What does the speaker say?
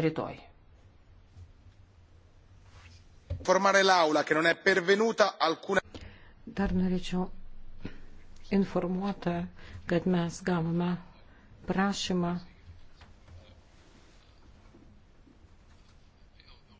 rytoj. Dar norėčiau informuota, kad mes gavome prašymą